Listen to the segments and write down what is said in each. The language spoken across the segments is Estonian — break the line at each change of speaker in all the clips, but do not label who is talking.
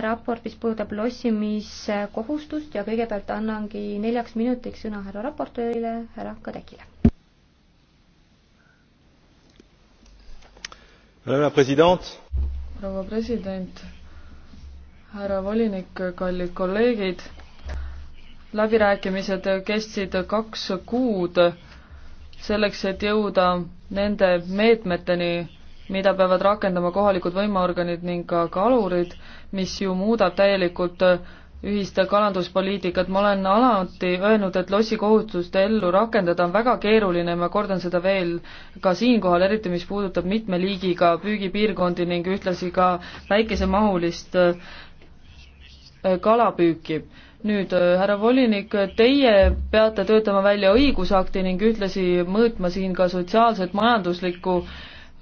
raport, mis puudutab lossimiskohustust ja kõigepealt annangi neljaks minutiks sõna härra raportöörile, härra Kadekile.
proua president, härra volinik, kallid kolleegid, läbirääkimised kestsid kaks kuud selleks, et jõuda nende meetmeteni, mida peavad rakendama kohalikud võimuorganid ning ka kalurid, mis ju muudab täielikult äh, ühist kalanduspoliitikat, ma olen alati öelnud, et lossikohustuste ellu rakendada on väga keeruline, ma kordan seda veel ka siinkohal, eriti mis puudutab mitme liigiga püügipiirkondi ning ühtlasi ka väikesemahulist äh, kalapüüki. nüüd, äh, härra volinik, teie peate töötama välja õigusakti ning ühtlasi mõõtma siin ka sotsiaalset, majanduslikku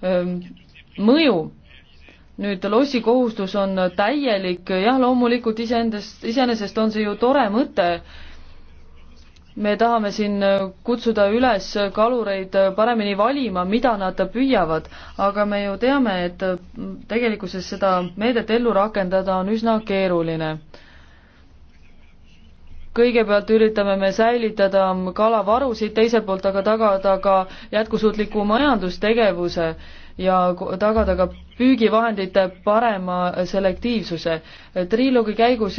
mõju. nüüd lossi kohustus on täielik, jah, loomulikult iseendast, iseenesest on see ju tore mõte, me tahame siin kutsuda üles kalureid paremini valima, mida nad püüavad, aga me ju teame, et tegelikkuses seda meedet ellu rakendada on üsna keeruline kõigepealt üritame me säilitada kalavarusid, teiselt poolt aga tagada ka jätkusuutliku majandustegevuse ja tagada ka püügivahendite parema selektiivsuse. triloogi käigus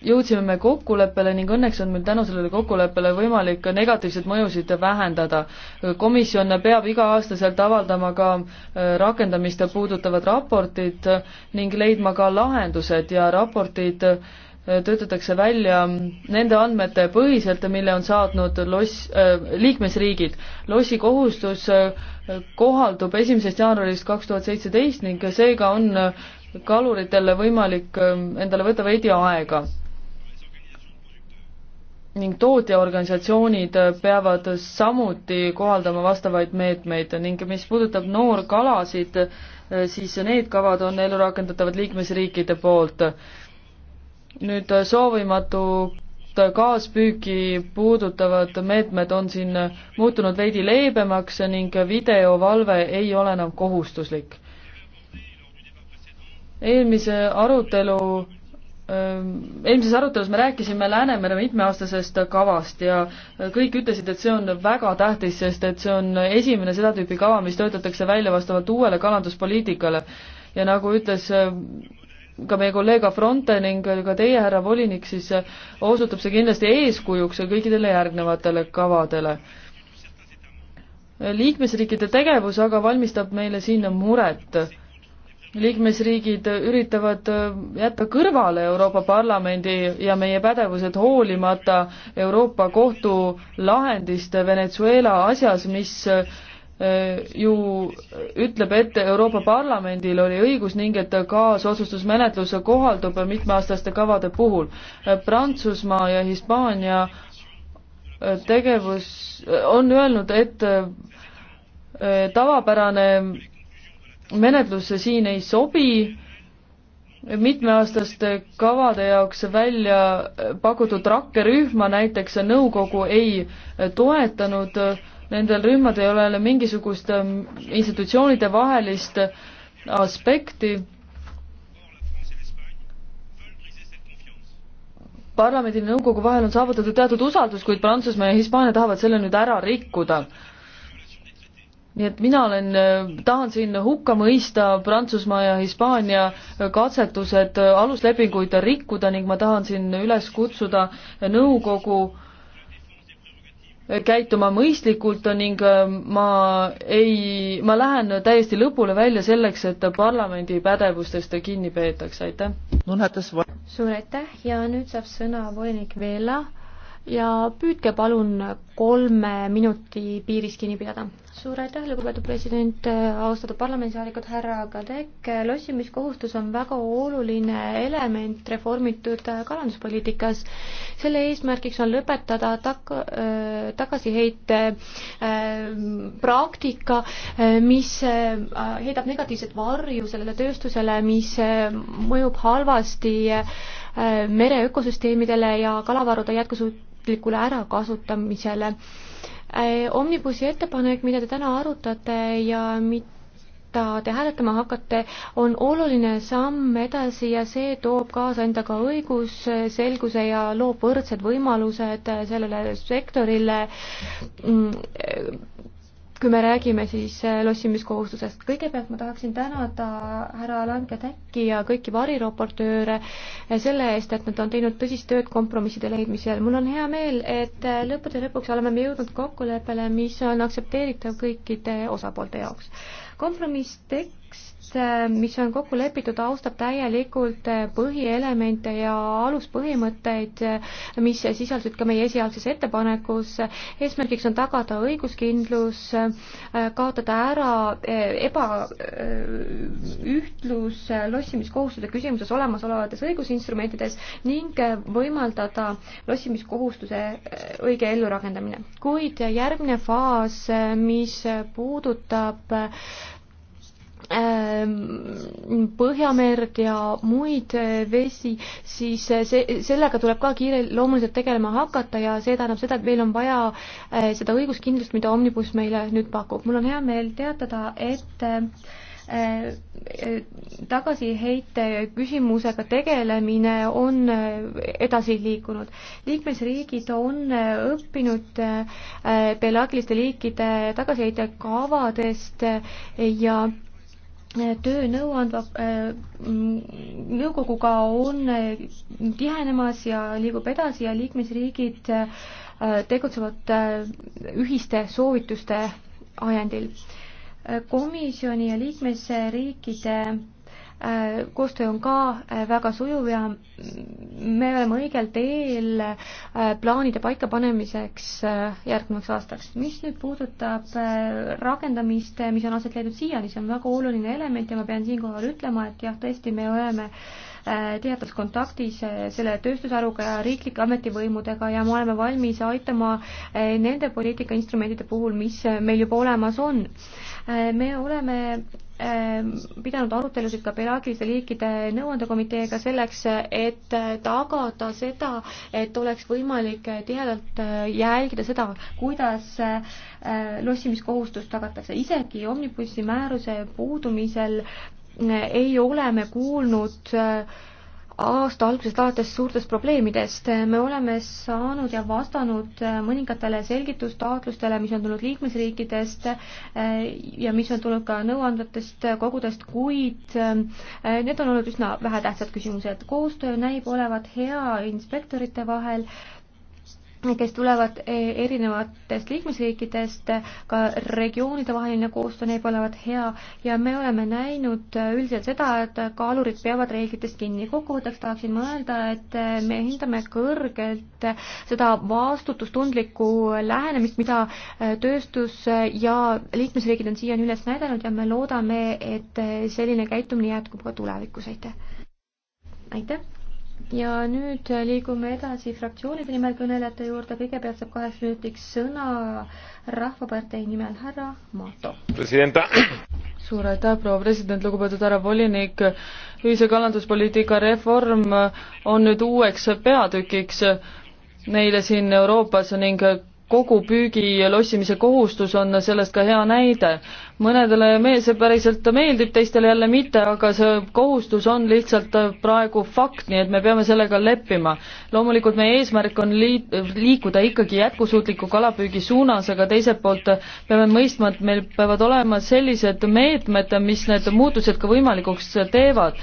jõudsime me kokkuleppele ning õnneks on meil tänu sellele kokkuleppele võimalik ka negatiivseid mõjusid vähendada. komisjon peab iga-aastaselt avaldama ka äh, rakendamist puudutavad raportid ning leidma ka lahendused ja raportid äh, töötatakse välja nende andmete põhiselt, mille on saatnud loss äh,, liikmesriigid. lossi kohustus äh, kohaldub esimesest jaanuarist kaks tuhat seitseteist ning seega on äh, kaluritel võimalik äh, endale võtta veidi aega. ning tootjaorganisatsioonid peavad samuti kohaldama vastavaid meetmeid ning mis puudutab noorkalasid, siis need kavad on ellu rakendatavad liikmesriikide poolt nüüd äh, soovimatut kaaspüüki puudutavad meetmed on siin muutunud veidi leebemaks ning videovalve ei ole enam kohustuslik. eelmise arutelu ähm, eelmises arutelus me rääkisime Läänemere mitmeaastasest kavast ja äh, kõik ütlesid, et see on väga tähtis, sest et see on esimene seda tüüpi kava, mis töötatakse välja vastavalt uuele kalanduspoliitikale. ja nagu ütles äh, ka meie kolleeg Afronte ning ka teie, härra volinik, siis osutub see kindlasti eeskujuks kõikidele järgnevatele kavadele. liikmesriikide tegevus aga valmistab meile siin muret. liikmesriigid üritavad jätta kõrvale Euroopa Parlamendi ja meie pädevused hoolimata Euroopa Kohtu lahendist Venezuela asjas, mis Äh, ju ütleb ette, Euroopa Parlamendil oli õigus ning et kaasotsustusmenetlus kohaldub mitmeaastaste kavade puhul. Äh, Prantsusmaa ja Hispaania äh, tegevus on öelnud, et tavapärane menetlus siin ei sobi, mitmeaastaste kavade jaoks välja pakutud rakkerühma näiteks nõukogu ei toetanud äh, nendel rühmadel ei ole mingisugust ähm, institutsioonide vahelist aspekti. parlamendi ja nõukogu vahel on saavutatud teatud usaldus, kuid Prantsusmaa ja Hispaania tahavad selle nüüd ära rikkuda. nii et mina olen, äh, tahan siin hukka mõista Prantsusmaa ja Hispaania äh, katsetused äh, aluslepinguid rikkuda ning ma tahan siin üles kutsuda nõukogu äh, käituma mõistlikult ning äh, ma ei, ma lähen täiesti lõpule välja selleks, et parlamendi pädevustest kinni peetakse, aitäh.
suur aitäh ja nüüd saab sõna volinik Veela ja püüdke palun kolme minuti piirist kinni pidada suur aitäh, lugupeetud president, austatud parlamendisaadikud, härra Kadek. lossimiskohustus on väga oluline element reformitud kalanduspoliitikas. selle eesmärgiks on lõpetada tak-, äh, tagasiheite äh, praktika, äh, mis heidab negatiivset varju sellele tööstusele, mis mõjub halvasti mere ökosüsteemidele ja kalavarude jätkusuutlikule ärakasutamisele Äh, omnibusi ettepanek, mida te täna arutate ja mida te hääletama hakkate, on oluline samm edasi ja see toob kaasa endaga õigusselguse ja loob võrdsed võimalused sellele sektorile mm, kui me räägime siis äh, lossimiskohustusest. kõigepealt ma tahaksin tänada härra Lange Täkki ja kõiki variraportööre äh, selle eest, et nad on teinud tõsist tööd kompromisside leidmisel. mul on hea meel, et äh, lõppude lõpuks oleme me jõudnud kokkuleppele, mis on aktsepteeritav kõikide osapoolte jaoks. kompromisstekst Äh, mis on kokku lepitud, austab täielikult äh, põhielemente ja aluspõhimõtteid, äh, mis sisaldusid ka meie esialgses ettepanekus. eesmärgiks on tagada õiguskindlus, kaotada ära
ebaühtlus
lossimiskohustuse küsimuses olemasolevates õigusinstrumentides ning võimaldada lossimiskohustuse õige ellurakendamine. kuid järgmine faas, mis puudutab Ähm, Põhjamerd ja muid äh, vesi, siis äh, see, sellega tuleb ka kiireloomuliselt tegelema hakata ja see tähendab seda, et meil on vaja äh, seda õiguskindlust, mida Omnibus meile nüüd pakub. mul on hea meel teatada, et tagasiheite küsimusega tegelemine on edasi liikunud. liikmesriigid on õppinud pelaagiliste liikide tagasiheite kavadest ja töö nõuandva äh, nõukoguga on äh, tihenemas ja liigub edasi ja liikmesriigid äh, tegutsevad ühiste soovituste ajendil. komisjoni ja liikmesriikide Äh, koostöö on ka äh, väga sujuv ja me oleme õigel teel äh, plaanide paikapanemiseks järgnevaks aastaks. mis nüüd puudutab rakendamist, mis on aset leidnud siiani, see on väga oluline element ja ma pean siinkohal ütlema, et jah, tõesti, me oleme tihedas kontaktis selle tööstusharuga ja riiklike ametivõimudega ja me oleme valmis aitama nende poliitikainstrumentide puhul, mis meil juba olemas on. me oleme Ähm, pidanud arutelusid ka pelaagiliste liikide nõuandekomiteega selleks, et tagada seda, et oleks võimalik tihedalt äh, jälgida seda, kuidas äh, lossimiskohustus tagatakse. isegi omnibussi määruse puudumisel äh, ei ole me kuulnud äh, aasta algusest alates suurtest probleemidest. me oleme saanud ja vastanud äh, mõningatele selgitustaotlustele, mis on tulnud liikmesriikidest äh, ja mis on tulnud ka nõuandvatest kogudest, kuid äh, need on olnud üsna vähetähtsad küsimused. koostöö näib olevat hea inspektorite vahel kes tulevad e, erinevatest liikmesriikidest, ka regioonide vaheline koostöö neil olevat hea ja me oleme näinud e, üldiselt seda, et kaalurid peavad reeglitest kinni. kokkuvõtteks tahaksin ma öelda, et e, me hindame kõrgelt seda vastutustundlikku lähenemist, mida tööstus ja liikmesriigid on siiani üles näidanud ja me loodame, et selline käitumine jätkub ka tulevikus, aitäh! aitäh! ja nüüd liigume edasi fraktsioonide nimel kõnelejate juurde, kõigepealt saab kaheks minutiks sõna Rahvapartei nimel härra
Maato. suur aitäh, proua president, lugupeetud härra volinik, ühise kalanduspoliitika reform on nüüd uueks peatükiks meile siin Euroopas ning kogu püügi lossimise kohustus on sellest ka hea näide. mõnedele meil see päriselt meeldib, teistele jälle mitte, aga see kohustus on lihtsalt praegu fakt, nii et me peame sellega leppima. loomulikult meie eesmärk on liit-, liikuda ikkagi jätkusuutliku kalapüügi suunas, aga teiselt poolt peame mõistma, et meil peavad olema sellised meetmed, mis need muutused ka võimalikuks teevad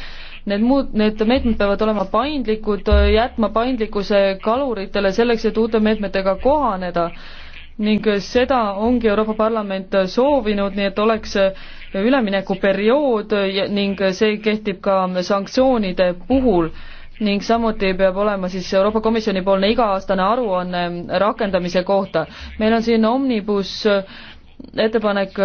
Need muud, need meetmed peavad olema paindlikud, jätma paindlikkuse kaluritele selleks, et uute meetmetega kohaneda ning seda ongi Euroopa Parlament soovinud, nii et oleks üleminekuperiood ning see kehtib ka sanktsioonide puhul ning samuti peab olema siis Euroopa Komisjoni poolne iga-aastane aruanne rakendamise kohta. meil on siin Omnibus ettepanek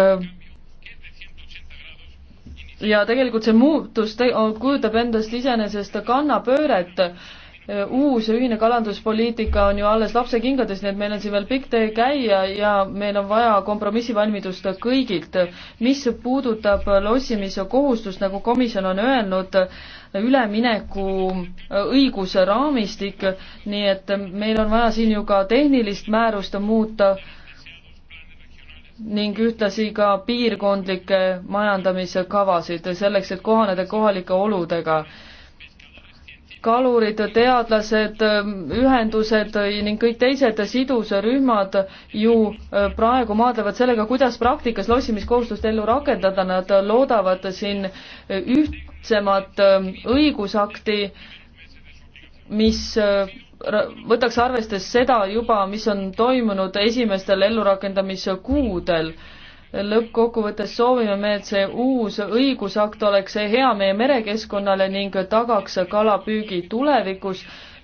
ja tegelikult see muutus te-, kujutab endast iseenesest kannapööret, uus ja ühine kalanduspoliitika on ju alles lapsekingades, nii et meil on siin veel pikk tee käia ja meil on vaja kompromissivalmidust kõigilt. mis puudutab lossimise kohustust, nagu komisjon on öelnud, ülemineku õiguse raamistik, nii et meil on vaja siin ju ka tehnilist määrust muuta ning ühtlasi ka piirkondlikke majandamise kavasid selleks, et kohaneda kohalike oludega. kalurid, teadlased, ühendused ning kõik teised sidusrühmad ju äh, praegu maadlevad sellega, kuidas praktikas lossimiskohustust ellu rakendada, nad loodavad siin äh, ühtsemat äh, õigusakti, mis võtaks arvestes seda juba, mis on toimunud esimestel ellurakendamise kuudel. lõppkokkuvõttes soovime me, et see uus õigusakt oleks hea meie merekeskkonnale ning tagaks kalapüügi tulevikus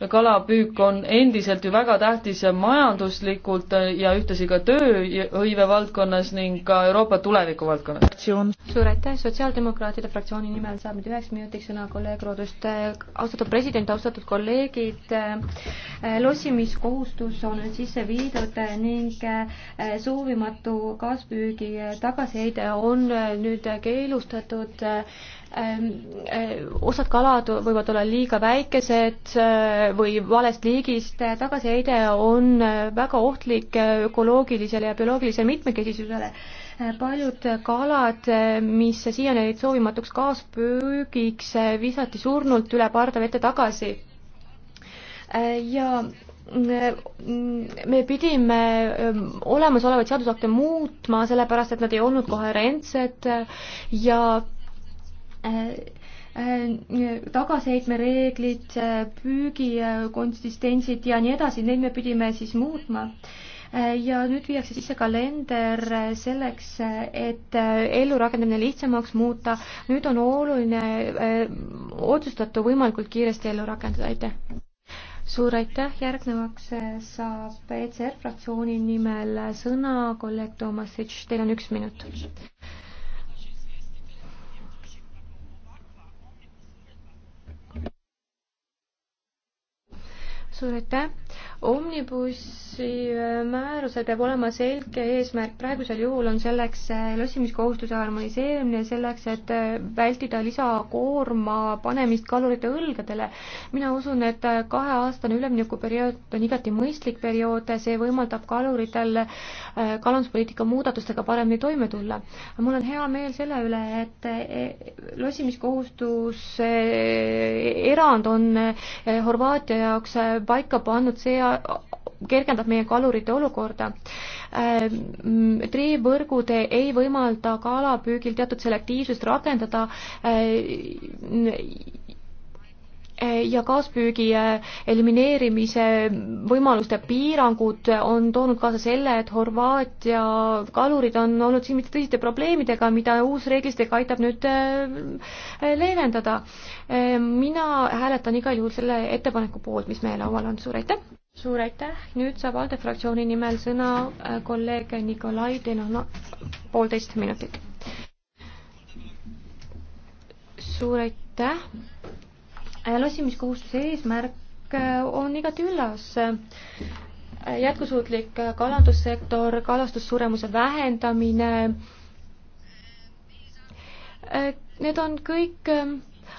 kalapüük on endiselt ju väga tähtis majanduslikult ja ühtlasi ka tööhõive valdkonnas ning ka Euroopa tuleviku valdkonnas.
suur aitäh, Sotsiaaldemokraatide fraktsiooni nimel saab nüüd üheks minutiks sõna kolleeg Roodust. austatud president, austatud kolleegid, lossimiskohustus on nüüd sisse viidud ning soovimatu kaaspüügi tagasiheide on nüüd keelustatud Ähm, äh, osad kalad võivad olla liiga väikesed äh, või valest liigist, äh, tagasiheide on väga ohtlik ökoloogilisele ja bioloogilisele mitmekesisusele. paljud kalad, mis siiani olid soovimatuks kaaspüügiks, visati surnult üle pardavete tagasi. ja me pidime olemasolevaid seadusakte muutma, sellepärast et nad ei olnud koherentsed ja Äh, äh, äh, tagaseheitmereeglid, püügi konsistentsid ja nii edasi, neid me pidime siis muutma ja nüüd viiakse sisse kalender selleks, et ellurakendamine lihtsamaks muuta. nüüd on oluline otsustatu võimalikult kiiresti ellu rakendada, aitäh! suur aitäh, järgnevaks saab ECR fraktsiooni nimel sõna kolleeg Toomas Sitš, teil on üks minut. suur aitäh. Omnibussi äh, määrusel peab olema selge eesmärk, praegusel juhul on selleks äh, lossimiskohustuse harmoniseerimine selleks, et äh, vältida lisakoorma panemist kalurite õlgadele. mina usun, et kaheaastane üleminekuperiood on igati mõistlik periood, see võimaldab kaluritel kalanduspoliitika muudatustega paremini toime tulla. mul on hea meel selle üle, et lossimiskohustus erand on Horvaatia jaoks paika pannud, see kergendab meie kalurite olukorda. Äh, triivõrgud ei võimalda kalapüügil teatud selektiivsust rakendada äh, ja kaaspüügi äh, elimineerimise võimaluste piirangud on toonud kaasa selle, et Horvaatia kalurid on olnud silmitsi tõsiste probleemidega, mida uus reeglistik aitab nüüd äh, leevendada. Äh, mina hääletan igal juhul selle ettepaneku poolt, mis meie laual on, suur aitäh! suur aitäh, nüüd saab ALDE fraktsiooni nimel sõna kolleeg Nikolai, teil on no, poolteist minutit. suur aitäh! lossimiskohustuse eesmärk äh, on igati üllas. Äh, jätkusuutlik äh, kalandussektor, kalastussuremuse vähendamine, need on kõik ähm,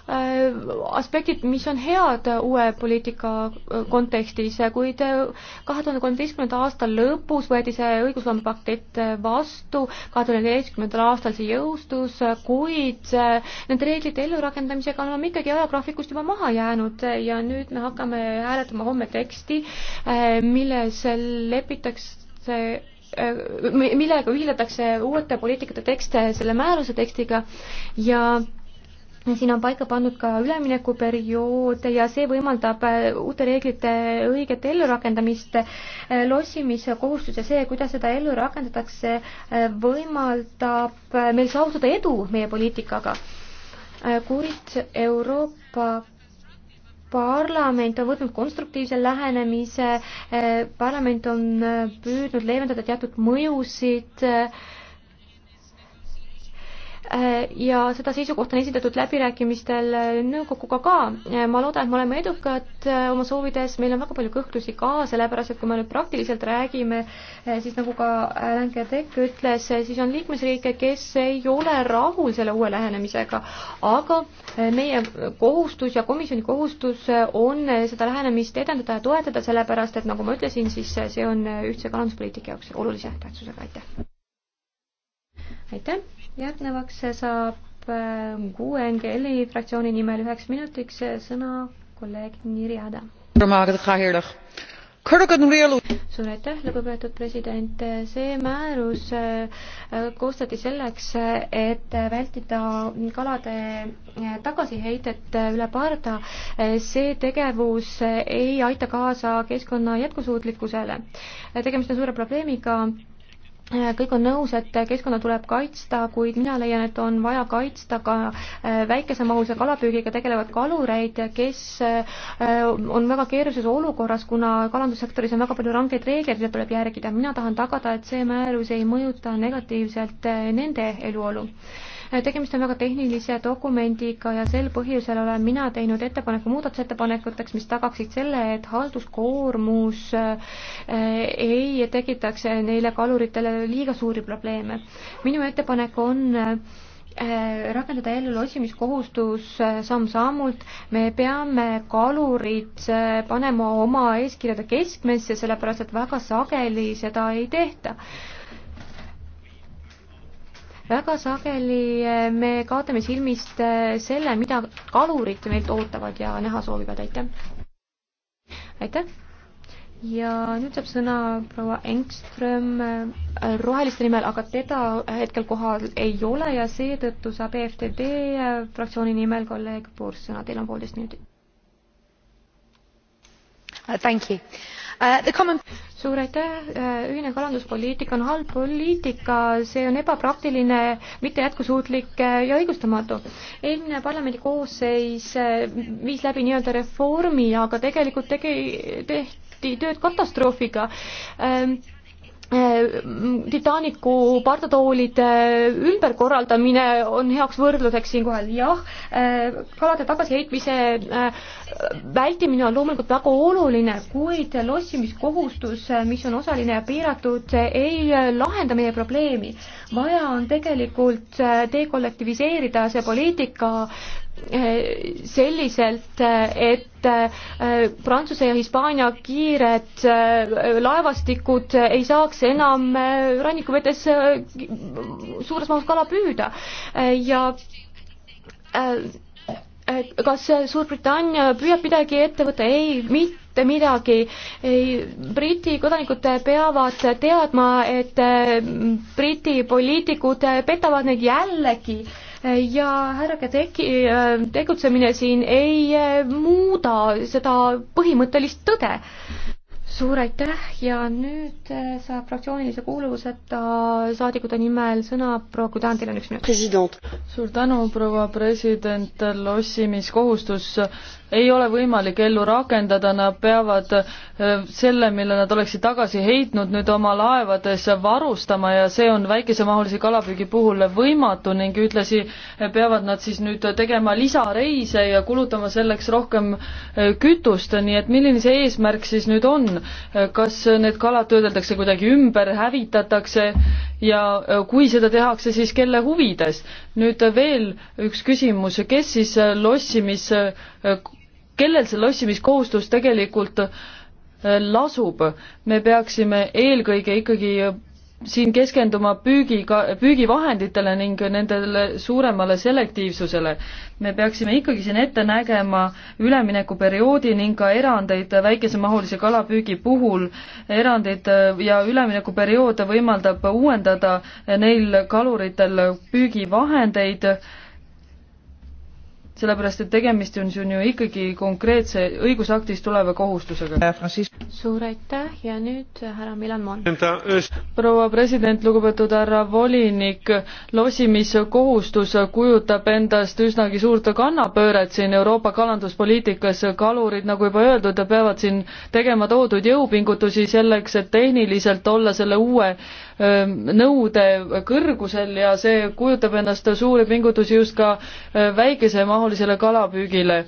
Äh, aspektid, mis on head uue poliitika äh, kontekstis, kuid äh, kahe tuhande kolmeteistkümnenda aasta lõpus võeti see õigusloome pakett vastu, kahe tuhande neljateistkümnendal aastal see jõustus, kuid nende reeglite ellurakendamisega oleme ikkagi ajagraafikust juba maha jäänud ja nüüd me hakkame hääletama homme teksti, milles lepitakse millega ühilatakse uute poliitikate tekste selle määruse tekstiga ja siin on paika pandud ka üleminekuperiood ja see võimaldab äh, uute reeglite õiget ellurakendamist. Äh, lossimise kohustus ja see, kuidas seda ellu rakendatakse, äh, võimaldab meil saavutada edu meie poliitikaga. kuid Euroopa parlament on võtnud konstruktiivse lähenemise, parlament on püüdnud leevendada teatud mõjusid äh, Äh, ja seda seisukohta on esitatud läbirääkimistel äh, nõukoguga ka. Äh, ma loodan, et me oleme edukad oma soovides, meil on väga palju kõhklusi ka, sellepärast et kui me nüüd praktiliselt räägime, siis nagu ka Länge Tekk ütles, siis on liikmesriike, kes ei ole rahul selle uue lähenemisega, aga meie kohustus ja komisjoni kohustus on seda lähenemist edendada ja toetada, sellepärast et nagu ma ütlesin, siis see on ühtse kalanduspoliitika jaoks olulise tähtsusega, aitäh! aitäh! järgnevaks saab QNGL-i äh, fraktsiooni nimel üheks minutiks sõna kolleeg Niri Ada. suur aitäh, lugupeetud president, see määrus äh, koostati selleks, et vältida kalade äh, tagasiheidet üle parda. see tegevus ei aita kaasa keskkonna jätkusuutlikkusele. tegemist on suure probleemiga Äh, kõik on nõus, et keskkonna tuleb kaitsta, kuid mina leian, et on vaja kaitsta ka äh, väikesemahulise kalapüügiga tegelevaid kalureid, kes äh, on väga keerulises olukorras, kuna kalandussektoris on väga palju rangeid reegleid, mida tuleb järgida. mina tahan tagada, et see määrus ei mõjuta negatiivselt nende eluolu tegemist on väga tehnilise dokumendiga ja sel põhjusel olen mina teinud ettepaneku muudatusettepanekuteks, mis tagaksid selle, et halduskoormus äh, ei tekitaks neile kaluritele liiga suuri probleeme. minu ettepanek on äh, rakendada ellu lotsimiskohustus äh, samm-sammult, me peame kalurid panema oma eeskirjade keskmesse, sellepärast et väga sageli seda ei tehta väga sageli eh, me kaotame silmist eh, selle, mida kalurid meilt ootavad ja näha soovivad, aitäh! aitäh! ja nüüd saab sõna proua Engström eh, roheliste nimel, aga teda hetkel kohal ei ole ja seetõttu saab EFTD fraktsiooni nimel kolleeg Purs sõna, teil on poolteist minutit. Uh, thank you. Äh, suur aitäh, äh, ühine kalanduspoliitika on halb poliitika, see on ebapraktiline, mitte jätkusuutlik äh, ja õigustamatu. eelmine parlamendi koosseis viis läbi nii-öelda reformi, aga tegelikult tegi, tehti tööd katastroofiga ähm, Äh, Titanicu pardatoolide ümberkorraldamine on heaks võrdluseks siinkohal, jah, äh, kalade tagasiheitmise äh, vältimine on loomulikult väga oluline, kuid lossimiskohustus, mis on osaline ja piiratud, ei lahenda meie probleemi. vaja on tegelikult dekollektiviseerida see poliitika Eh, selliselt, et eh, Prantsuse ja Hispaania kiired eh, laevastikud ei saaks enam rannikuvetes suures mahus kala püüda ja kas Suurbritannia püüab midagi ette võtta? ei, mitte midagi. Briti kodanikud peavad teadma, et Briti poliitikud petavad neid jällegi äh, ja härra Kadeki äh, tegutsemine siin ei äh, muuda seda põhimõttelist tõde suur aitäh ja nüüd äh, saab fraktsioonilise kuuluvuseta saadikute nimel sõna proua Kudan, teil on üks minut.
suur tänu, proua president, lossimiskohustus ei ole võimalik ellu rakendada, nad peavad äh, selle, mille nad oleksid tagasi heitnud, nüüd oma laevades varustama ja see on väikesemahulise kalapüügi puhul võimatu ning ühtlasi äh, peavad nad siis nüüd tegema lisareise ja kulutama selleks rohkem kütust, nii et milline see eesmärk siis nüüd on? kas need kalad töödeldakse kuidagi ümber, hävitatakse ja kui seda tehakse, siis kelle huvides? nüüd veel üks küsimus, kes siis lossimis, kellel see lossimiskohustus tegelikult lasub, me peaksime eelkõige ikkagi siin keskenduma püügiga, püügivahenditele ning nendele suuremale selektiivsusele. me peaksime ikkagi siin ette nägema üleminekuperioodi ning ka erandeid väikesemahulise kalapüügi puhul. erandid äh, ja üleminekuperiood võimaldab uuendada neil kaluritel püügivahendeid sellepärast et tegemist on siin ju ikkagi konkreetse õigusaktist tuleva kohustusega. Äh,
suur aitäh ja nüüd härra Milan Mon.
proua president, lugupeetud härra volinik, losimiskohustus kujutab endast üsnagi suurt kannapööret siin Euroopa kalanduspoliitikas, kalurid, nagu juba öeldud, peavad siin tegema tohutuid jõupingutusi selleks, et tehniliselt olla selle uue Ähm, nõude kõrgusel ja see kujutab endast suuri pingutusi just ka äh, väikesemahulisele kalapüügile.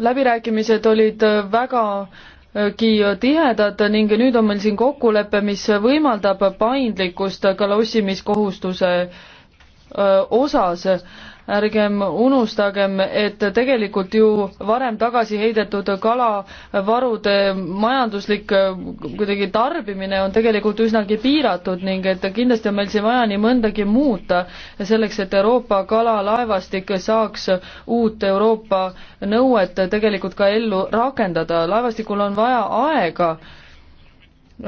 läbirääkimised olid äh, vägagi äh, tihedad ning nüüd on meil siin kokkulepe, mis võimaldab paindlikkust kalossimiskohustuse osas ärgem unustagem, et tegelikult ju varem tagasi heidetud kalavarude majanduslik äh, kuidagi tarbimine on tegelikult üsnagi piiratud ning et kindlasti on meil siin vaja nii mõndagi muuta selleks, et Euroopa kalalaevastik saaks uut Euroopa nõuet tegelikult ka ellu rakendada. laevastikul on vaja aega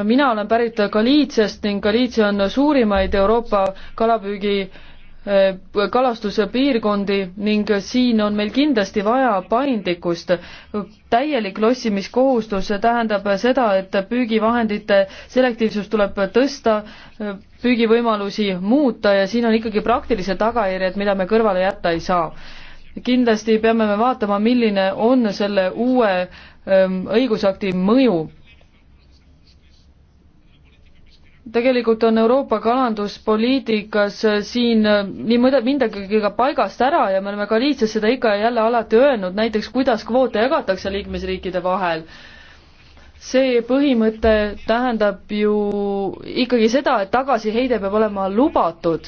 mina olen pärit Galiitsiast ning Galiitsia on suurimaid Euroopa kalapüügi Äh, kalastuspiirkondi ning siin on meil kindlasti vaja paindlikkust. täielik lossimiskohustus tähendab seda, et püügivahendite selektiivsust tuleb tõsta, püügivõimalusi muuta ja siin on ikkagi praktilised tagajärjed, mida me kõrvale jätta ei saa. kindlasti peame me vaatama, milline on selle uue ähm, õigusakti mõju tegelikult on Euroopa kalanduspoliitikas äh, siin äh, nii mõnda, midagi ka paigast ära ja me oleme ka liitses seda ikka ja jälle alati öelnud, näiteks kuidas kvoote jagatakse liikmesriikide vahel. see põhimõte tähendab ju ikkagi seda, et tagasiheide peab olema lubatud.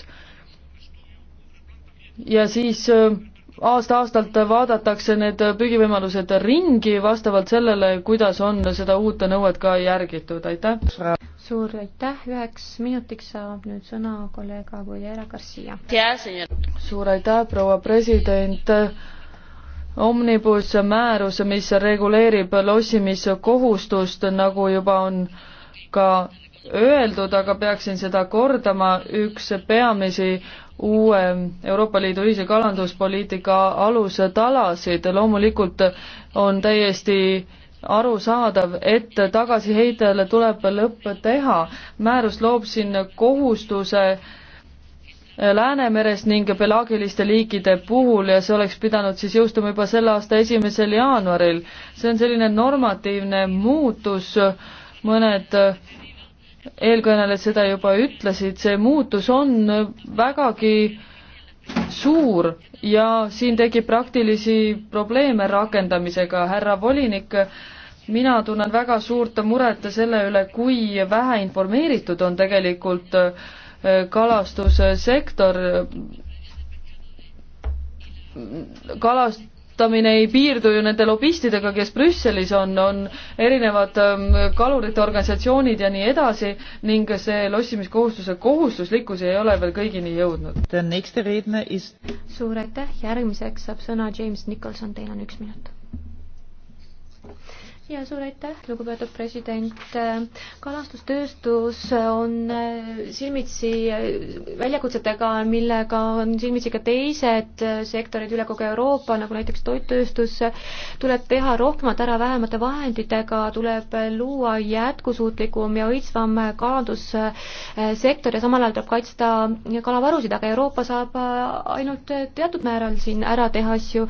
ja siis äh, aasta-aastalt vaadatakse need püügivõimalused ringi vastavalt sellele, kuidas on seda uute nõuet ka järgitud, aitäh!
suur aitäh, üheks minutiks saab nüüd sõna kolleeg Aguilera Garcia.
suur aitäh, proua president! Omnibus määrus, mis reguleerib lossimiskohustust, nagu juba on ka öeldud, aga peaksin seda kordama, üks peamisi uue Euroopa Liidu ühise kalanduspoliitika alustalasid, loomulikult on täiesti arusaadav, et tagasiheitele tuleb lõpp teha. määrus loob siin kohustuse Läänemeres ning pelaagiliste liikide puhul ja see oleks pidanud siis jõustuma juba selle aasta esimesel jaanuaril. see on selline normatiivne muutus, mõned eelkõnelejad seda juba ütlesid, see muutus on vägagi suur ja siin tekib praktilisi probleeme rakendamisega, härra volinik, mina tunnen väga suurt muret selle üle, kui vähe informeeritud on tegelikult äh, kalastussektor kalast-, kasutamine ei piirdu ju nende lobistidega, kes Brüsselis on, on erinevad ähm, kalurite organisatsioonid ja nii edasi ning see lossimiskohustuse kohustuslikkus ei ole veel kõigini jõudnud. Is...
suur aitäh, järgmiseks saab sõna James Nicholson, teil on üks minut ja suur aitäh, lugupeetud president. kalastustööstus on äh, silmitsi äh, väljakutsetega, millega on silmitsi ka teised äh, sektorid üle kogu Euroopa, nagu näiteks toittööstus. tuleb teha rohkemat ära vähemate vahenditega, tuleb luua jätkusuutlikum ja õitsvam kalandussektor ja samal ajal tuleb kaitsta kalavarusid, aga Euroopa saab ainult teatud määral siin ära teha asju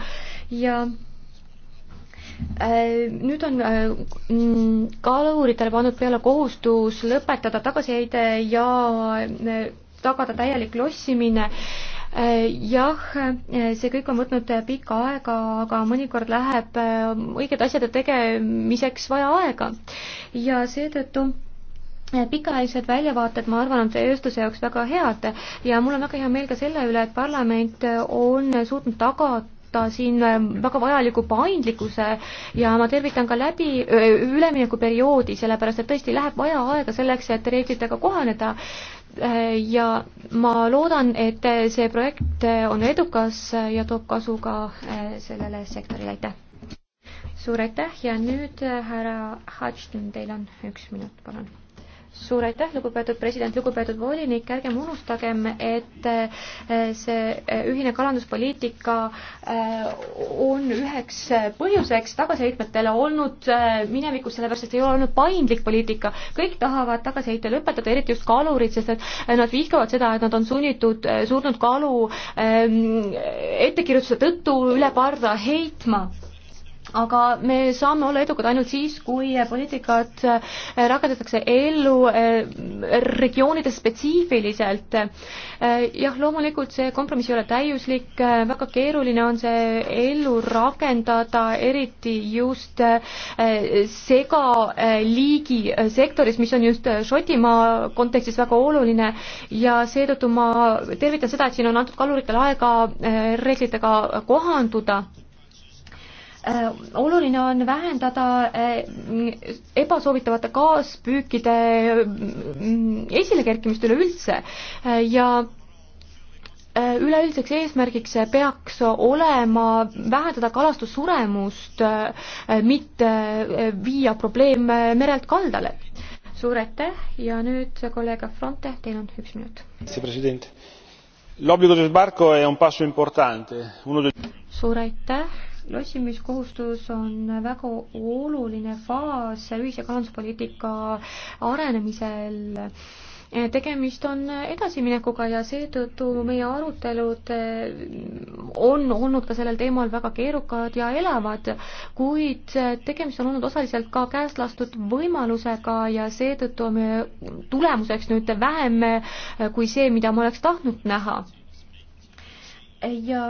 ja Nüüd on äh, mm, kaluritele pannud peale kohustus lõpetada tagasiheide ja äh, tagada täielik lossimine. Äh, jah, see kõik on võtnud pikka aega, aga mõnikord läheb õigete asjade tegemiseks vaja aega ja seetõttu pikaajalised väljavaated, ma arvan, on tööstuse jaoks väga head ja mul on väga hea meel ka selle üle, et parlament on suutnud tagada tagada siin äh, väga vajaliku paindlikkuse ja ma tervitan ka läbi äh, üleminekuperioodi, sellepärast et tõesti läheb vaja aega selleks, et reeglitega kohaneda äh, ja ma loodan, et see projekt on edukas ja toob kasu ka sellele sektorile, aitäh! suur aitäh ja nüüd härra Hatchton, teil on üks minut, palun suur aitäh, lugupeetud president, lugupeetud volinik, ärgem unustagem, et äh, see äh, ühine kalanduspoliitika äh, on üheks põhjuseks tagasiheitmetele olnud minevikus, sellepärast et ei ole olnud paindlik poliitika. kõik tahavad tagasiheite lõpetada, eriti just kalurid, sest et nad vihkavad seda, et nad on sunnitud surnud kalu ähm, ettekirjutuse tõttu üle parda heitma aga me saame olla edukad ainult siis, kui poliitikat äh, rakendatakse ellu äh, regioonides spetsiifiliselt. Äh, jah, loomulikult see kompromiss ei ole täiuslik, väga keeruline on see ellu rakendada, eriti just segaliigi sektoris, mis on just Šotimaa kontekstis väga oluline ja seetõttu ma tervitan seda, et siin on antud kaluritele aega reeglitega kohanduda Äh, oluline on vähendada äh, ebasoovitavate kaaspüükide äh, esilekerkimist üleüldse ja üleüldiseks eesmärgiks peaks olema vähendada kalastussuremust, mitte viia probleem merelt kaldale. suur aitäh ja nüüd kolleeg Fronte, teil on üks minut.
l'obbligo di sbarco è un passo importante.
suur aitäh lossimiskohustus on väga oluline faas ühise kalanduspoliitika arenemisel tegemist on edasiminekuga ja seetõttu meie arutelud on olnud ka sellel teemal väga keerukad ja elavad, kuid tegemist on olnud osaliselt ka käest lastud võimalusega ja seetõttu on meie tulemuseks nüüd vähem kui see, mida ma oleks tahtnud näha. ja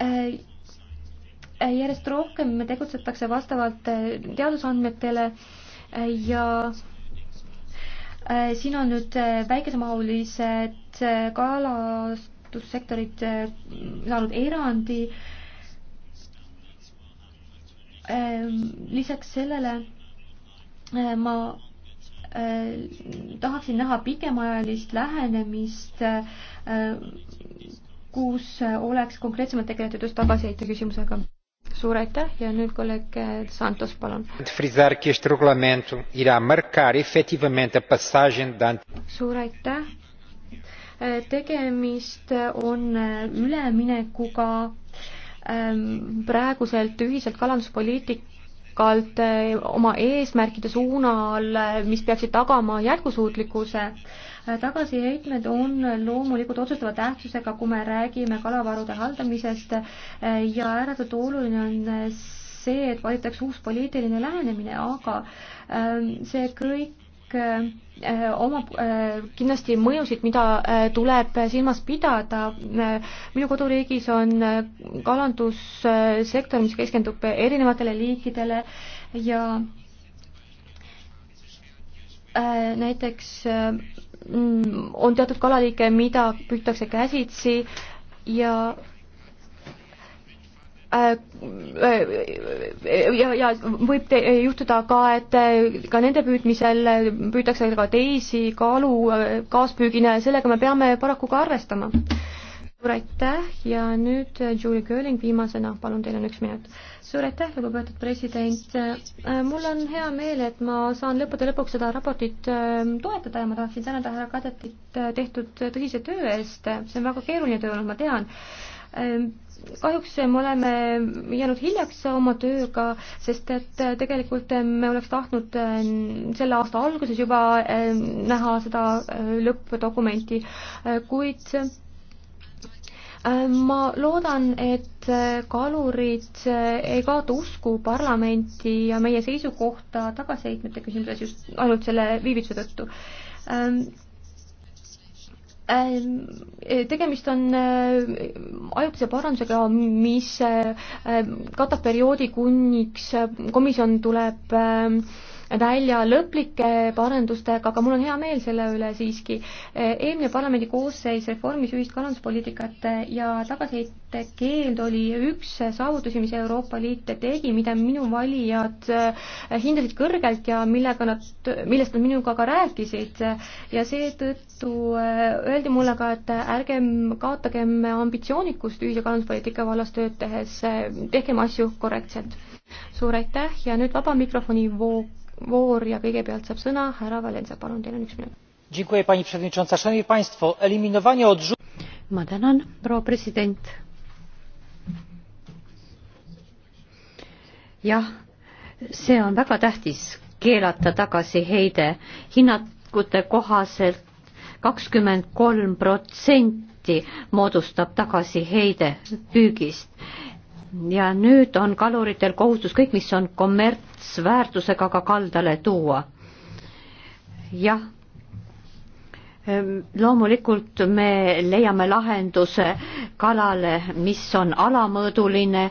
Äh, äh, järjest rohkem tegutsetakse vastavalt äh, teadusandmetele ja siin on nüüd väikesemahulised kalastussektorid saanud erandi. Ähm, lisaks sellele ma tahaksin näha pikemaajalist lähenemist kus oleks konkreetsemalt tegeletud just tagasiheite küsimusega. suur aitäh ja nüüd kolleeg Santos, palun. suur aitäh. tegemist on äh, üleminekuga ähm, praeguselt ühiselt kalanduspoliitikalt äh, oma eesmärkide suunal, äh, mis peaksid tagama jätkusuutlikkuse tagasiheitmed on loomulikult otsustava tähtsusega, kui me räägime kalavarude haldamisest ja ääretult oluline on see, et valitakse uus poliitiline lähenemine, aga ähm, see kõik äh, omab äh, kindlasti mõjusid, mida äh, tuleb silmas pidada. minu koduriigis on kalandussektor, mis keskendub erinevatele liikidele ja näiteks Mm, on teatud kalaliike, mida püütakse käsitsi ja äh,
äh,
ja, ja võib te, juhtuda ka, et äh, ka nende püüdmisel püütakse ka teisi kalu kaaspüügina ja sellega me peame paraku ka arvestama suur aitäh ja nüüd äh, Julie Kööling viimasena, palun, teil on üks minut. suur aitäh, lugupeetud president. Äh, mul on hea meel, et ma saan lõppude lõpuks seda raportit äh, toetada ja ma tahaksin tänada härra Kadetit tehtud tõsise töö eest. see on väga keeruline töö olnud, ma tean ähm, kahjuks me oleme jäänud hiljaks oma tööga, sest et tegelikult me oleks tahtnud selle aasta alguses juba näha seda lõppdokumenti, kuid Äh, ma loodan, et äh, kalurid äh, ei kaota usku parlamenti ja meie seisukohta tagasiheitmete küsimuses just ainult selle viivituse tõttu. Ähm, ähm, tegemist on ajutise parandusega, mis katab perioodi, kuniks komisjon tuleb ähm, välja lõplike parendustega, aga mul on hea meel selle üle siiski. eelmine parlamendi koosseis reformis ühist kalanduspoliitikat ja tagasiheite keeld oli üks saavutusi, mis Euroopa Liit tegi, mida minu valijad hindasid kõrgelt ja millega nad, millest nad minuga ka rääkisid ja seetõttu öeldi mulle ka, et ärgem kaotagem ambitsioonikust ühise kalanduspoliitika vallas tööd tehes, tehkem asju korrektselt. suur aitäh ja nüüd vaba mikrofoni voog voor ja kõigepealt saab sõna härra Valensa,
palun, teil on üks minut. ma tänan, proua president. jah, see on väga tähtis, keelata tagasiheide hinnangute kohaselt kakskümmend kolm protsenti moodustab tagasiheide püügist ja nüüd on kaluritel kohustus kõik, mis on kommertsväärtusega, ka kaldale tuua. jah, ehm, loomulikult me leiame lahenduse kalale, mis on alamõõduline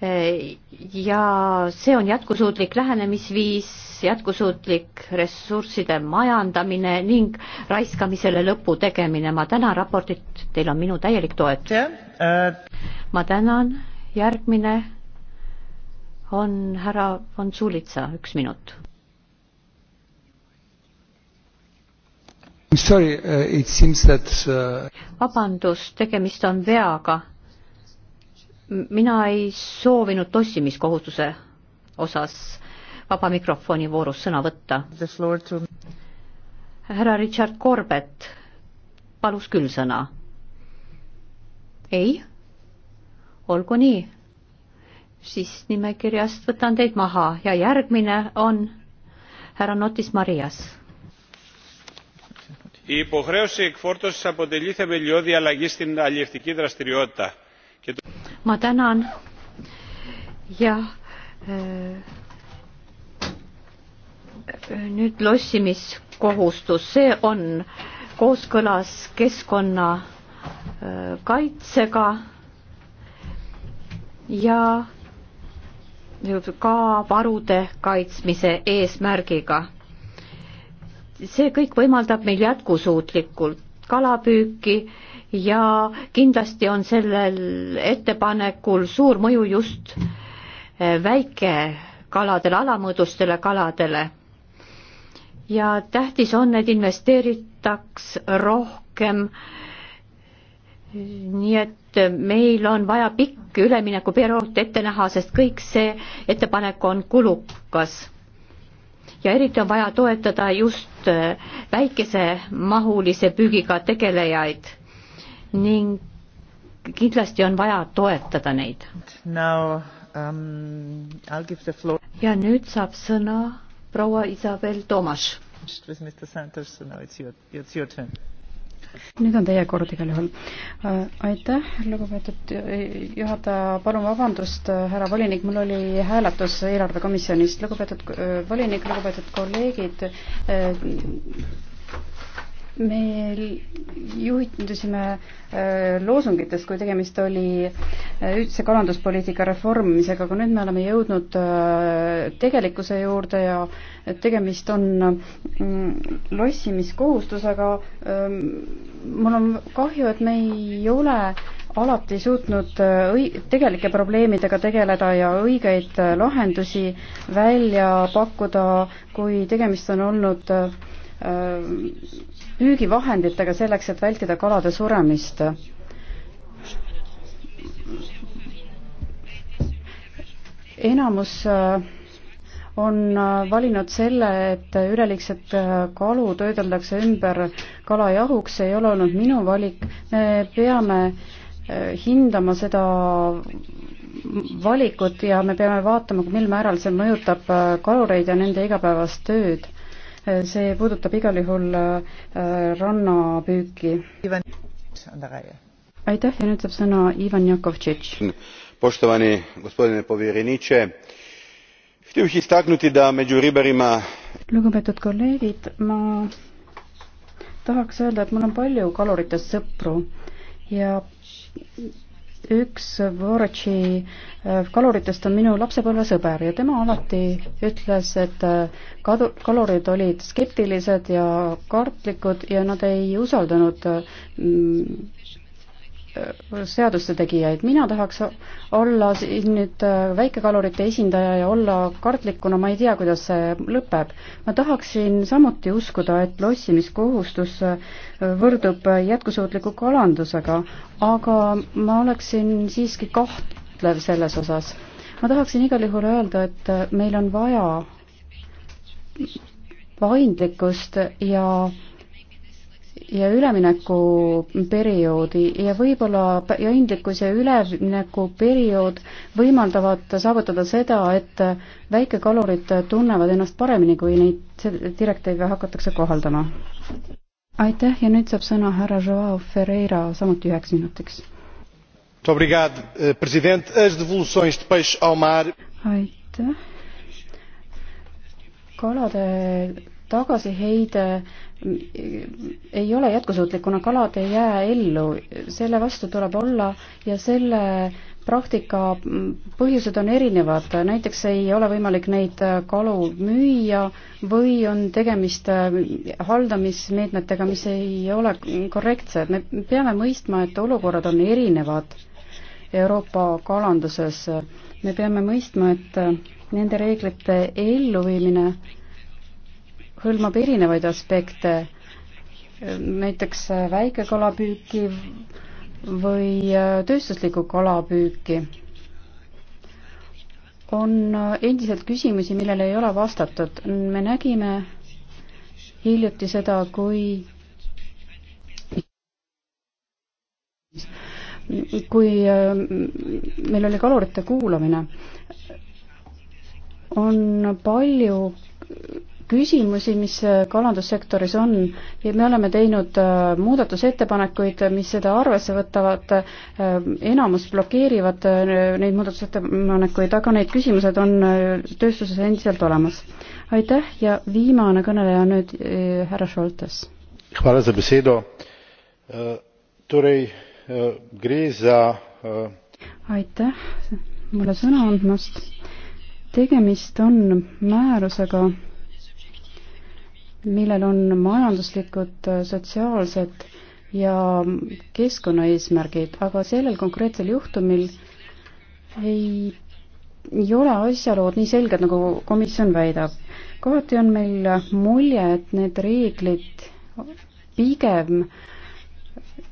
eh, ja see on jätkusuutlik lähenemisviis, jätkusuutlik ressursside majandamine ning raiskamisele lõpu tegemine. ma tänan raportit, teil on minu täielik toetus. Äh, ma tänan järgmine on härra Vonsulitsa, üks minut. Sorry, uh, it seems that uh, vabandust, tegemist on veaga. mina ei soovinud tossimiskohustuse osas vaba mikrofoni voorus sõna võtta. härra Richard Corbett palus küll sõna. ei olgu nii, siis nimekirjast võtan teid maha ja järgmine on härra Notis Marias.
Η υποχρέωση εκφόρτωσης αποτελεί θεμελιώδη αλλαγή στην
αλλιευτική δραστηριότητα. Μα τέναν ja nüüd lossimiskohustus, see on kooskõlas keskkonnakaitsega äh, ja ka varude kaitsmise eesmärgiga. see kõik võimaldab meil jätkusuutlikult kalapüüki ja kindlasti on sellel ettepanekul suur mõju just eh, väikekaladele, alamõõdustele kaladele. ja tähtis on, et investeeritaks rohkem äh, nii et meil on vaja pikk üleminekuperiood ette näha, sest kõik see ettepanek on kulukas. ja eriti on vaja toetada just äh, väikesemahulise püügiga tegelejaid ning kindlasti on vaja toetada neid. Um, ja nüüd saab sõna proua Isabel Tomas. Mr.
Santos, now it's your, it's your turn
nüüd on teie kord igal juhul. Äh,
aitäh, lugupeetud äh, juhataja, palun vabandust, äh, härra volinik, mul oli hääletus eelarvekomisjonist, lugupeetud volinik, lugupeetud kolleegid, me juhindusime äh, loosungitest, kui tegemist oli äh, üldse kalanduspoliitika reformimisega, aga nüüd me oleme jõudnud äh, tegelikkuse juurde ja tegemist on mm, lossimiskohustusega. Ähm, mul on kahju, et me ei ole alati suutnud õi-, tegelike probleemidega tegeleda ja õigeid lahendusi välja pakkuda, kui tegemist on olnud äh, püügivahenditega selleks, et vältida kalade suremist. enamus on valinud selle, et üleliigset kalu töödeldakse ümber kalajahuks, see ei ole olnud minu valik, me peame hindama seda valikut ja me peame vaatama, mil määral see mõjutab kalureid ja nende igapäevast tööd see puudutab igal juhul äh, rannapüüki. aitäh ja nüüd saab sõna Ivan Jakovtšitš. Poštovani gospodine povjereniče, htio bih istaknuti da među ribarima lugupeetud kolleegid, ma tahaks öelda, et mul on palju kaloritest sõpru ja üks Vorotši äh, kaluritest on minu lapsepõlvesõber ja tema alati ütles, et äh, kadu-, kalurid olid skeptilised ja kartlikud ja nad ei usaldanud äh, seaduste tegijaid, mina tahaks olla siin nüüd äh, väikekalurite esindaja ja olla kartlikuna, ma ei tea, kuidas see lõpeb. ma tahaksin samuti uskuda, et lossimiskohustus äh, võrdub jätkusuutliku kalandusega, aga ma oleksin siiski kahtlev selles osas. ma tahaksin igal juhul öelda, et äh, meil on vaja paindlikkust ja äh, ja üleminekuperioodi ja võib-olla paindlikkus ja üleminekuperiood võimaldavad saavutada seda, et väikekalurid tunnevad ennast paremini, kui neid direktiive hakatakse kohaldama. aitäh ja nüüd saab sõna härra Joao Ferreira samuti üheks minutiks. Eh, aitäh. kalade tagasiheide ei ole jätkusuutlik, kuna kalad ei jää ellu, selle vastu tuleb olla ja selle praktika põhjused on erinevad, näiteks ei ole võimalik neid kalu müüa või on tegemist haldamismeetmetega, mis ei ole korrektsed, me peame mõistma, et olukorrad on erinevad Euroopa kalanduses, me peame mõistma, et nende reeglite elluviimine hõlmab erinevaid aspekte, näiteks väikekalapüüki või tööstuslikku kalapüüki. on endiselt küsimusi, millele ei ole vastatud. me nägime hiljuti seda, kui kui äh, meil oli kalurite kuulamine, on palju küsimusi, mis äh, kalandussektoris on ja me oleme teinud äh, muudatusettepanekuid, mis seda arvesse võtavad, äh, enamus blokeerivad neid muudatusettepanekuid, aga need küsimused on tööstuses endiselt olemas. aitäh ja viimane kõneleja nüüd härra Šoltes.
Hvala za besedo. Torej
gre za
aitäh mulle sõna andmast. tegemist on määrusega, millel on majanduslikud, äh, sotsiaalsed ja keskkonnaeesmärgid, aga sellel konkreetsel juhtumil ei, ei ole asjalood nii selged, nagu komisjon väidab. kohati on meil mulje, et need reeglid pigem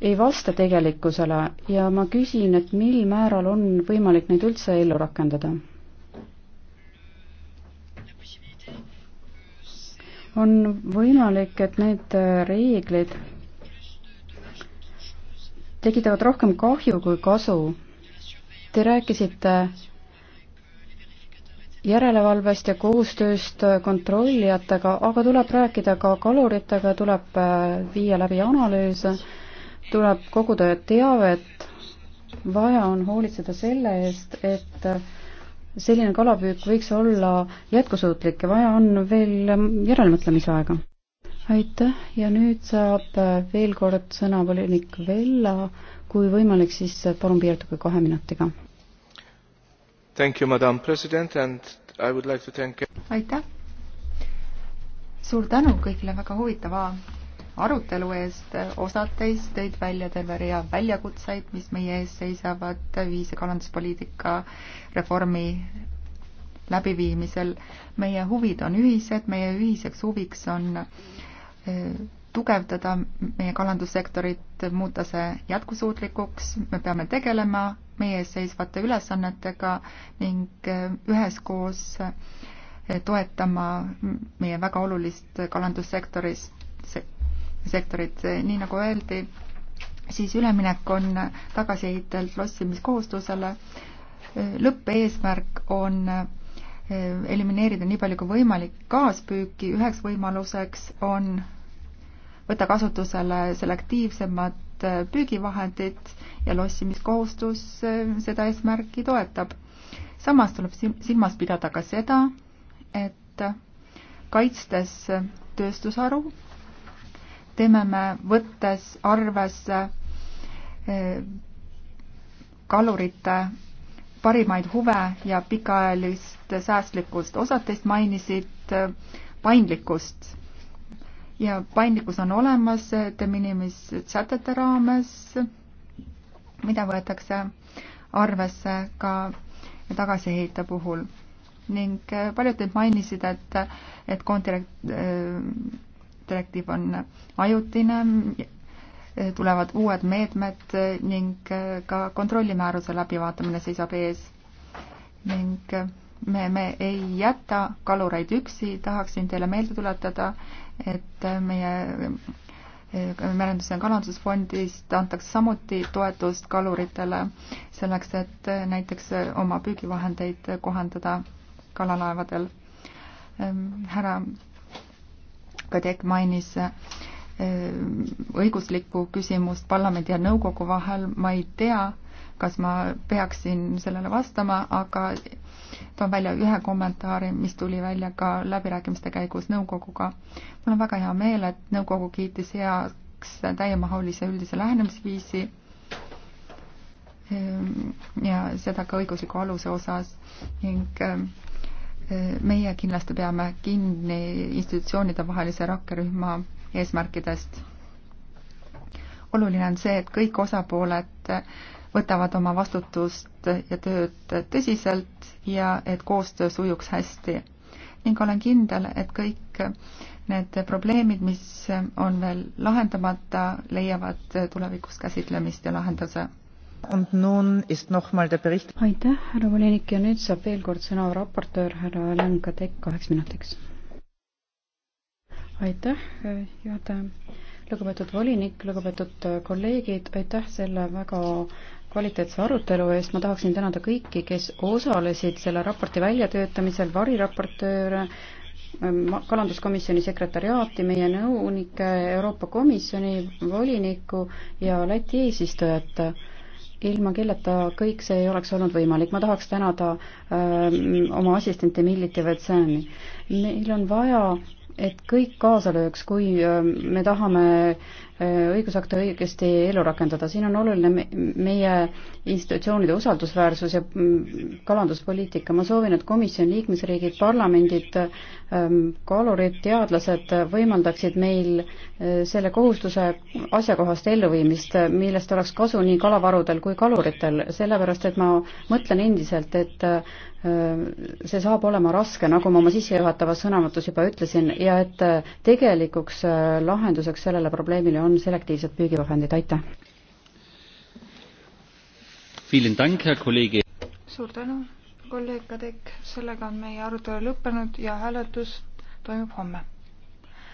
ei vasta tegelikkusele ja ma küsin, et mil määral on võimalik neid üldse ellu rakendada on võimalik, et need reeglid tekitavad rohkem kahju kui kasu. Te rääkisite järelevalvest ja koostööst kontrollijatega, aga tuleb rääkida ka kaluritega, tuleb äh, viia läbi analüüse, tuleb koguda teavet, vaja on hoolitseda selle eest, et selline kalapüük võiks olla jätkusuutlik ja vaja on veel järelmõtlemise aega. aitäh ja nüüd saab veel kord sõna volinik Vella, kui võimalik, siis palun piirduge kahe minutiga.
Thank you, madam president and
I would like to thank you. aitäh! suur tänu kõigile väga huvitava arutelu eest. osad teist tõid välja terve rea väljakutseid, mis meie ees seisavad viis- ja kalanduspoliitika reformi läbiviimisel. meie huvid on ühised, meie ühiseks huviks on eh, tugevdada meie kalandussektorit, muuta see jätkusuutlikuks, me peame tegelema meie ees seisvate ülesannetega ning eh, üheskoos eh, toetama meie väga olulist kalandussektorist, sektorit, nii nagu öeldi, siis üleminek on tagasiehitelt lossimiskohustusele. lõppeesmärk on eh, elimineerida nii palju kui võimalik kaaspüüki, üheks võimaluseks on võtta kasutusele selektiivsemad eh, püügivahendid ja lossimiskohustus eh, seda eesmärki toetab. samas tuleb silmas pidada ka seda, et kaitstes tööstusharu teeme me võttes arvesse eh, kalurite parimaid huve ja pikaajalist säästlikkust. osad teist mainisid eh, paindlikkust ja paindlikkus on olemas eh, de minimis sätete raames, mida võetakse arvesse ka tagasiheite puhul ning paljud teid mainisid, et, et kontrakt, direktiiv on ajutine, tulevad uued meetmed ning ka kontrollimääruse läbivaatamine seisab ees. ning me, me ei jäta kalureid üksi, tahaksin teile meelde tuletada, et meie merendus- ja kalandusfondist antakse samuti toetust kaluritele selleks, et näiteks oma püügivahendeid kohandada kalalaevadel. härra Kadek mainis äh, õiguslikku küsimust parlamendi ja nõukogu vahel, ma ei tea, kas ma peaksin sellele vastama, aga toon välja ühe kommentaari, mis tuli välja ka läbirääkimiste käigus nõukoguga. mul on väga hea meel, et nõukogu kiitis heaks täiemahulise üldise lähenemisviisi ähm, ja seda ka õigusliku aluse osas ning ähm, meie kindlasti peame kinni institutsioonide vahelise rakkerühma eesmärkidest. oluline on see, et kõik osapooled võtavad oma vastutust ja tööd tõsiselt ja et koostöö sujuks hästi. ning olen kindel, et kõik need probleemid, mis on veel lahendamata, leiavad tulevikus käsitlemist ja lahenduse aitäh, härra volinik ja nüüd saab veel kord sõna raportöör
härra Len Kadek
kaheks minutiks.
aitäh, juhataja. lugupeetud volinik, lugupeetud kolleegid, aitäh selle väga kvaliteetse arutelu eest, ma tahaksin tänada kõiki, kes osalesid selle raporti väljatöötamisel, variraportööre, kalanduskomisjoni sekretariaati, meie nõunikke, Euroopa Komisjoni volinikku ja Läti eesistujat ilma kelleta kõik see ei oleks olnud võimalik. ma tahaks tänada öö, ähm, oma assistenti Millit ja Vetsani. meil on vaja et kõik kaasa lööks, kui me tahame õigusakte õigesti ellu rakendada. siin on oluline meie institutsioonide usaldusväärsus ja mm, kalanduspoliitika. ma soovin, et komisjon, liikmesriigid, parlamendid, kalurid, teadlased võimaldaksid meil selle kohustuse asjakohast elluviimist, millest oleks kasu nii kalavarudel kui kaluritel, sellepärast et ma mõtlen endiselt, et see saab olema raske, nagu ma oma sissejuhatavas sõnavõtus juba ütlesin, ja et äh, tegelikuks äh, lahenduseks sellele probleemile on selektiivsed püügivahendid, aitäh!
suur tänu, kolleeg Kadek, sellega on meie arutelu lõppenud ja hääletus toimub homme